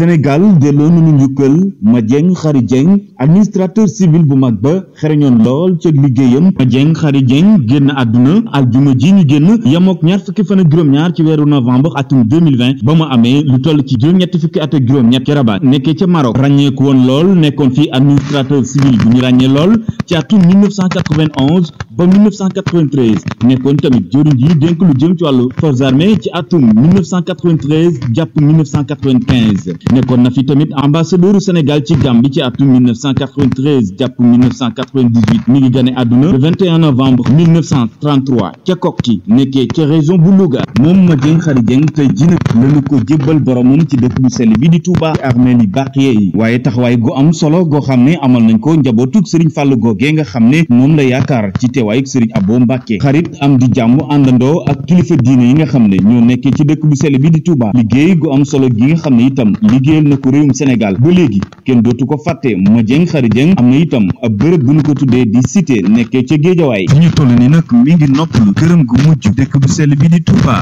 Sénégal delloo nañu njukkal Madieng Khary Dieng administrateur civil bu mag ba xereñoon lool ca liggéeyam Dieng Khary Dieng génn àdduna aljuma ji ñu génn yamook ñaar fukki fan ñaar ci weeru novembre atum 2020 ba mu amee lu toll ci juróom-ñetti fukki at ak juróom-ñett ca Rabat nekkee ca Maroc ràññeeku woon lool nekkoon fii administrateur civil bu ñu ràññee lool ci atum 1991 ba 1993 nekkoon tamit jëriñ ji dénk lu jëm ci wàllu forces armées ci atum 1993 jàpp 1995 nekkoon na fi tamit ambassadeuru Sénégal ci Gambie ci atum 1993 jàpp 1998 mi ngi gane àdduna le 21 novembre 1933 ca kokki nekkee ca région bu Louga moom ma jëng xari jëng tey lañu ko jébbal boromam ci dëkk bu sell bi di Touba armée li bàqiye yi waaye taxawaay gu am solo goo xam ne amal nañ ko njabootug Serigne Fallou googee nga xam ne moom la yaakaar ci teewaayug Serigne Abo Mbacke xarit am di jàmm àndandoo ak kilifa diine yi nga xam ne ñoo nekkee ci dëkk bu sell bi di Touba liggéey gu am solo gi nga xam ne itam liggéeyal Dieng Khary Dieng am na itam ab bërëb bu ñu ko tuddee di cité nekkee ca géejawaay fi ñu toll ni nag mi ngi noppalu këram gu mujj dëkk bu sell bi di Touba